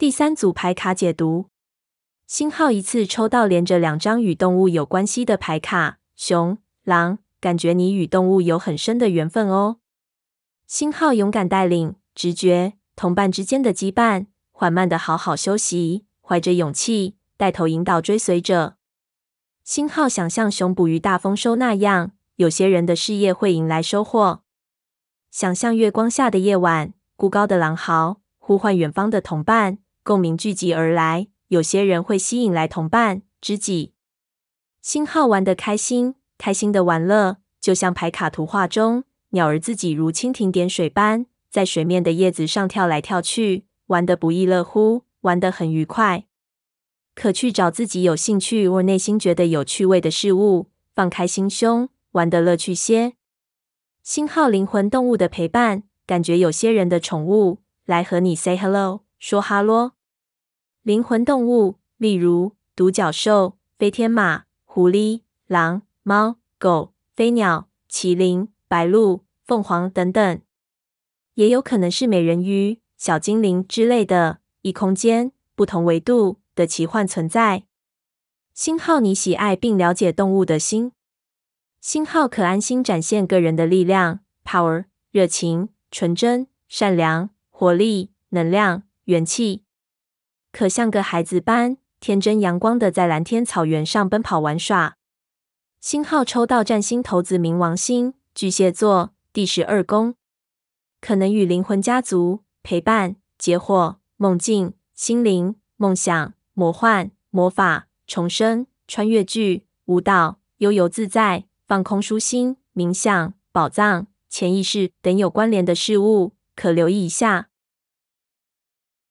第三組牌卡解讀：星號一次抽到連着兩張與動物有關係的牌卡，熊、狼，感覺你與動物有很深的緣分哦。星號勇敢帶領、直覺、同伴之間的羈絆，緩慢的好好休息，懷着勇氣帶頭引導追隨者。星號想像熊捕魚大豐收那樣，有些人的事業會迎來收穫。想像月光下的夜晚，孤高的狼嚎，呼喚遠方的同伴。共鳴聚集而來，有些人會吸引來同伴、知己。星號玩得開心，開心的玩樂，就像牌卡圖畫中鳥兒自己如蜻蜓點水般在水面的葉子上跳來跳去，玩得不亦樂乎，玩得很愉快。可去找自己有興趣或內心覺得有趣味的事物，放開心胸，玩得樂趣些。星號靈魂動物的陪伴，感覺有些人的寵物來和你 say hello。說哈嘍！靈魂動物，例如獨角獸、飛天馬、狐狸、狼、貓、狗、飛鳥、麒麟、白鹿、鳳凰等等，也有可能是美人魚、小精靈之類的異空間、不同維度的奇幻存在。星號，你喜愛並了解動物的心。星號，可安心展現個人的力量、power、熱情、純真、善良、活力、能量。元氣可像個孩子般天真陽光的在藍天草原上奔跑玩耍。星號抽到占星骰子冥王星巨蟹座第十二宮，可能與靈魂家族陪伴、結夥、夢境、心靈、夢想、魔幻、魔法、重生、穿越劇、舞蹈、悠游自在、放空舒心、冥想、寶藏、潛意識等有關聯的事物，可留意一下。